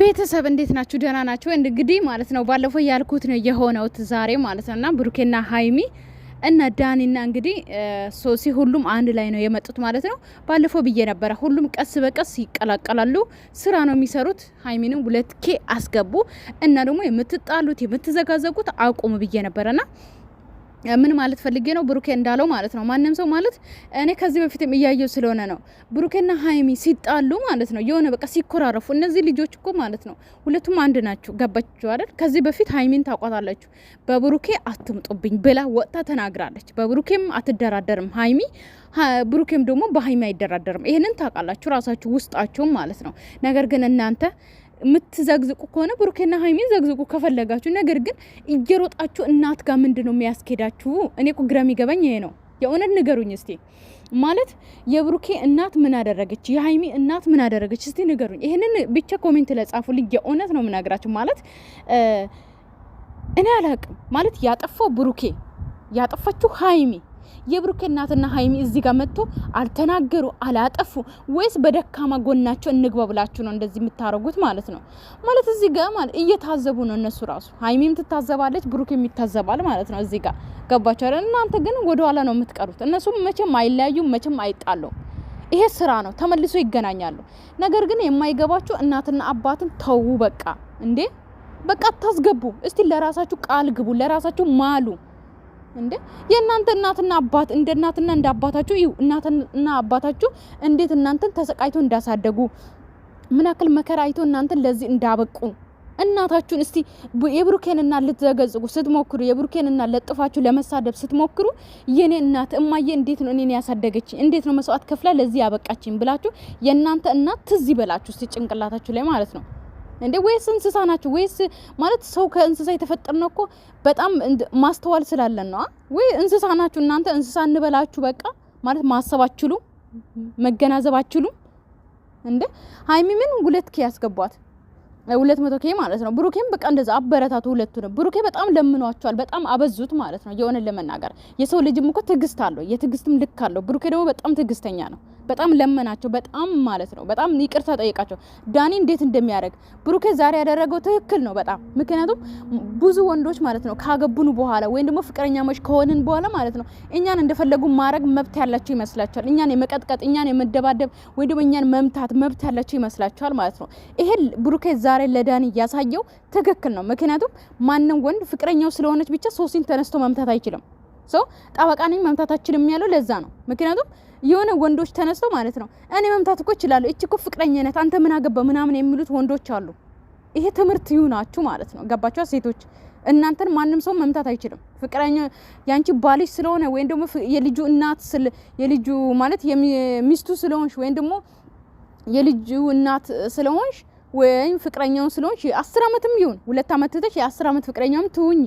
ቤተሰብ እንዴት ናችሁ? ደህና ናችሁ? እንግዲህ ማለት ነው ባለፈው ያልኩት ነው የሆነውት ዛሬ ማለት ነውና ብሩኬና ሀይሚ እና ዳኒና እንግዲህ ሶሲ ሁሉም አንድ ላይ ነው የመጡት ማለት ነው። ባለፈው ብዬ ነበረ፣ ሁሉም ቀስ በቀስ ይቀላቀላሉ። ስራ ነው የሚሰሩት። ሀይሚንም ሁለት ኬ አስገቡ እና ደግሞ የምትጣሉት የምትዘጋዘጉት አቁሙ ብዬ ነበረና ምን ማለት ፈልጌ ነው ብሩኬ እንዳለው ማለት ነው። ማንም ሰው ማለት እኔ ከዚህ በፊትም እያየው ስለሆነ ነው። ብሩኬና ሀይሚ ሲጣሉ ማለት ነው የሆነ በቃ ሲኮራረፉ፣ እነዚህ ልጆች እኮ ማለት ነው ሁለቱም አንድ ናቸው። ገባችሁ አይደል? ከዚህ በፊት ሀይሚን ታቋታላችሁ። በብሩኬ አትምጡብኝ ብላ ወጥታ ተናግራለች። በብሩኬም አትደራደርም ሀይሚ፣ ብሩኬም ደግሞ በሀይሚ አይደራደርም። ይህንን ታውቃላችሁ ራሳችሁ ውስጣችሁም ማለት ነው። ነገር ግን እናንተ የምትዘግዝቁ ከሆነ ብሩኬና ሀይሚን ዘግዝቁ ከፈለጋችሁ። ነገር ግን እየሮጣችሁ እናት ጋር ምንድን ነው የሚያስኬዳችሁ? እኔ እኮ ግራ የሚገባኝ ይሄ ነው። የእውነት ንገሩኝ እስቲ። ማለት የብሩኬ እናት ምን አደረገች? የሀይሚ እናት ምን አደረገች? እስቲ ንገሩኝ። ይህንን ብቻ ኮሜንት ለጻፉልኝ። የእውነት ነው የምናግራችሁ። ማለት እኔ አላቅም። ማለት ያጠፋው ብሩኬ፣ ያጠፋችሁ ሀይሚ የብሩኬ እናትና ሀይሚ እዚህ ጋር መጥቶ አልተናገሩ አላጠፉ ወይስ በደካማ ጎናቸው እንግባ ብላችሁ ነው እንደዚህ የምታደርጉት ማለት ነው? ማለት እዚህ ጋር ማለት እየታዘቡ ነው እነሱ ራሱ ሀይሚም ትታዘባለች፣ ብሩኬም ይታዘባል ማለት ነው። እዚህ ጋር ገባቸው እናንተ ግን ወደኋላ ነው የምትቀሩት። እነሱም መቼም አይለያዩም፣ መቼም አይጣሉም። ይሄ ስራ ነው፣ ተመልሶ ይገናኛሉ። ነገር ግን የማይገባችሁ እናትና አባትን ተዉ በቃ እንዴ በቃ ታስገቡ። እስቲ ለራሳችሁ ቃል ግቡ፣ ለራሳችሁ ማሉ። እንደ የእናንተ እናትና አባት እንደ እናትና እንደ አባታችሁ እናትና አባታችሁ እንዴት እናንተን ተሰቃይቶ እንዳሳደጉ ምን ያክል መከራ አይቶ እናንተን ለዚህ እንዳበቁ እናታችሁን እስቲ የብሩኬን እናት ስትሞክሩ የብሩኬን እናት ለጥፋችሁ ለመሳደብ ስትሞክሩ የኔ እናት እማዬ እንዴት ነው እኔን ያሳደገችኝ እንዴት ነው መስዋዕት ከፍላ ለዚህ ያበቃችኝ ብላችሁ የእናንተ እናት ትዝ ይበላችሁ እስቲ ጭንቅላታችሁ ላይ ማለት ነው። እንዴ? ወይስ እንስሳ ናቸው? ወይስ ማለት ሰው ከእንስሳ የተፈጠርነው እኮ በጣም ማስተዋል ስላለን ነው። ወይ እንስሳ ናችሁ እናንተ? እንስሳ እንበላችሁ በቃ። ማለት ማሰብ አችሉም፣ መገናዘብ አችሉም። እንዴ ሀይሚ ምን ሁለት ኬ ያስገቧት ሁለት መቶ ኬ ማለት ነው። ብሩኬም በቃ እንደዛ አበረታቱ ሁለቱ ነው። ብሩኬ በጣም ለምኗቸዋል፣ በጣም አበዙት ማለት ነው። የሆነን ለመናገር የሰው ልጅም እኮ ትዕግስት አለው፣ የትዕግስትም ልክ አለው። ብሩኬ ደግሞ በጣም ትዕግስተኛ ነው። በጣም ለመናቸው፣ በጣም ማለት ነው። በጣም ይቅርታ ጠይቃቸው ዳኒ እንዴት እንደሚያደርግ ብሩኬ ዛሬ ያደረገው ትክክል ነው በጣም ምክንያቱም ብዙ ወንዶች ማለት ነው ካገቡን በኋላ ወይም ደግሞ ፍቅረኛሞች ከሆንን በኋላ ማለት ነው እኛን እንደፈለጉ ማድረግ መብት ያላቸው ይመስላቸዋል። እኛን የመቀጥቀጥ እኛን የመደባደብ ወይም ደግሞ እኛን መምታት መብት ያላቸው ይመስላቸዋል ማለት ነው። ይሄ ብሩኬ ዛሬ ለዳኒ እያሳየው ትክክል ነው። ምክንያቱም ማንም ወንድ ፍቅረኛው ስለሆነች ብቻ ሶሲን ተነስቶ መምታት አይችልም። ሰው ጠበቃ ነኝ መምታት አልችልም ያለው ለዛ ነው። ምክንያቱም የሆነ ወንዶች ተነስተው ማለት ነው እኔ መምታት እኮ እችላለሁ፣ እቺ እኮ ፍቅረኛነት፣ አንተ ምን አገባ ምናምን የሚሉት ወንዶች አሉ። ይሄ ትምህርት ይሁናችሁ ማለት ነው። ገባችኋ ሴቶች? እናንተን ማንም ሰው መምታት አይችልም። ፍቅረኛ ያንቺ ባልሽ ስለሆነ ወይም ደግሞ የልጁ እናት የልጁ ማለት ሚስቱ ስለሆንሽ ወይም ደግሞ የልጁ እናት ስለሆንሽ ወይም ፍቅረኛውን ስለሆንሽ አስር አመትም ይሁን ሁለት አመት ትተሽ የአስር አመት ፍቅረኛውም ትሁኝ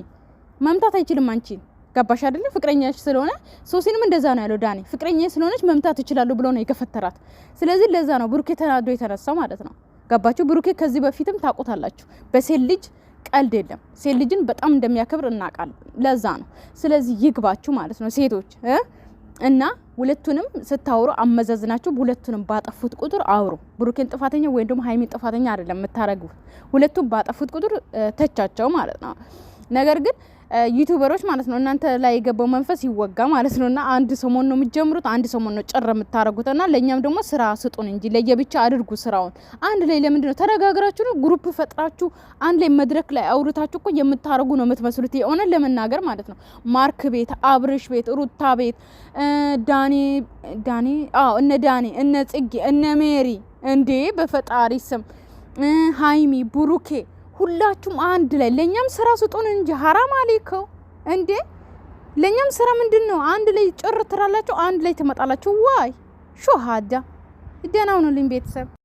መምታት አይችልም አንቺን። ገባሽ አይደለ? ፍቅረኛሽ ስለሆነ ሶሲንም እንደዛ ነው ያለው ዳኒ። ፍቅረኛ ስለሆነች መምታት እችላለሁ ብሎ ነው የከፈተራት። ስለዚህ ለዛ ነው ብሩኬ ተናዶ የተነሳው ማለት ነው። ገባችሁ? ብሩኬ ከዚህ በፊትም ታውቆታላችሁ። በሴት ልጅ ቀልድ የለም። ሴት ልጅን በጣም እንደሚያከብር እናውቃለን። ለዛ ነው። ስለዚህ ይግባችሁ ማለት ነው ሴቶች እና ሁለቱንም ስታወሩ አመዛዝናችሁ ሁለቱንም ባጠፉት ቁጥር አውሩ። ብሩኬን ጥፋተኛ ወይም ደግሞ ሀይሚን ጥፋተኛ አይደለም የምታረጉት። ሁለቱም ባጠፉት ቁጥር ተቻቸው ማለት ነው። ነገር ግን ዩቱበሮች ማለት ነው እናንተ ላይ የገባው መንፈስ ይወጋ ማለት ነው። እና አንድ ሰሞን ነው የምትጀምሩት፣ አንድ ሰሞን ነው ጭር የምታረጉት። እና ለእኛም ደግሞ ስራ ስጡን እንጂ ለየብቻ አድርጉ ስራውን። አንድ ላይ ለምንድን ነው ተነጋግራችሁ ነው ግሩፕ ፈጥራችሁ አንድ ላይ መድረክ ላይ አውርታችሁ እኮ የምታደርጉ ነው የምትመስሉት። የሆነ ለመናገር ማለት ነው ማርክ ቤት፣ አብርሽ ቤት፣ ሩታ ቤት፣ ዳኔ ዳኔ፣ አዎ እነ ዳኔ፣ እነ ጽጌ፣ እነ ሜሪ እንዴ በፈጣሪ ስም ሀይሚ ብሩኬ ሁላችሁም አንድ ላይ ለእኛም ስራ ስጡን እንጂ ሀራም አሌከው እንዴ! ለእኛም ስራ ምንድን ነው? አንድ ላይ ጭር ትራላችሁ፣ አንድ ላይ ትመጣላችሁ። ዋይ ሾሃዳ ደህና ሁኑልኝ ቤተሰብ።